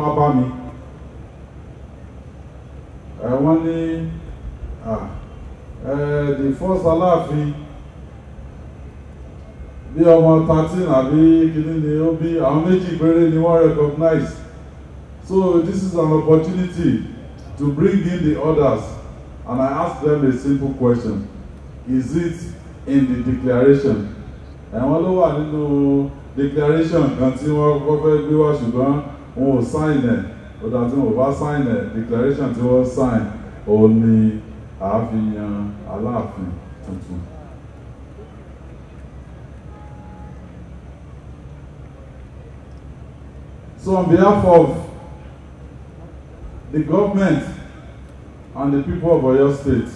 wọ́n bá mi ẹ wọ́n ní ẹ the first aláàfin bí ọmọ thirteen àbí kìíní ni ó bí àwọn méjì péré ni wọ́n recognize so this is an opportunity to bring in the others and I ask them a simple question is it in the declaration ẹ̀wọ̀n ló wà nínú declaration kan tí wọ́n kọ́ fẹ́ gbé wá ṣùgbọ́n wọn ò sáìn ẹ̀ ó dà tí wọn ò bá sáìn ẹ̀ declaration tí wọ́n sáìn òun ni àáfihàn aláàfin tuntun. So on behalf of the government and the people of Oyo State,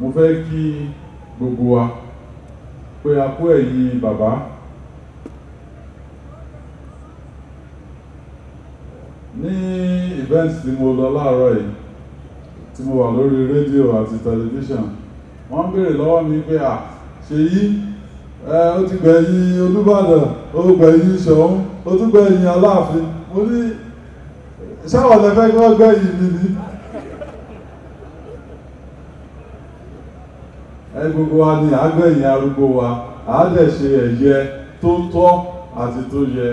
mo fẹ́ kí gbogbo wa pé a kú ẹ̀yin bàbá ní event tí mo lọ láàárọ̀ yìí tí mo wà lórí rédíò àti tẹlifíṣàn wọ́n béèrè lọ́wọ́ mi pé à ṣe yí ẹ ó ti gbẹ̀yìn Olúbàdàn ó gbẹ̀yìn Ṣọ̀ún ó tún gbẹ̀yìn Aláàfin mo ní ṣáwọn kí gbẹ̀yìn mi ni. ẹ gbogbo wa ni àgbẹ̀yìn arúgbó wa ṣe ẹ̀yẹ tó tọ́ àti tó yẹ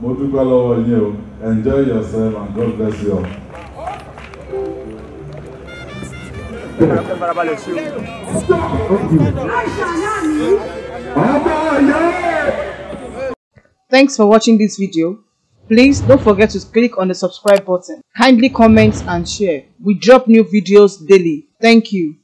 mo dúpẹ́ you. enjoy yourself and God bless you Thanks for watching this video. Please don't forget to click on the subscribe button. Kindly comment and share. We drop new videos daily. Thank you.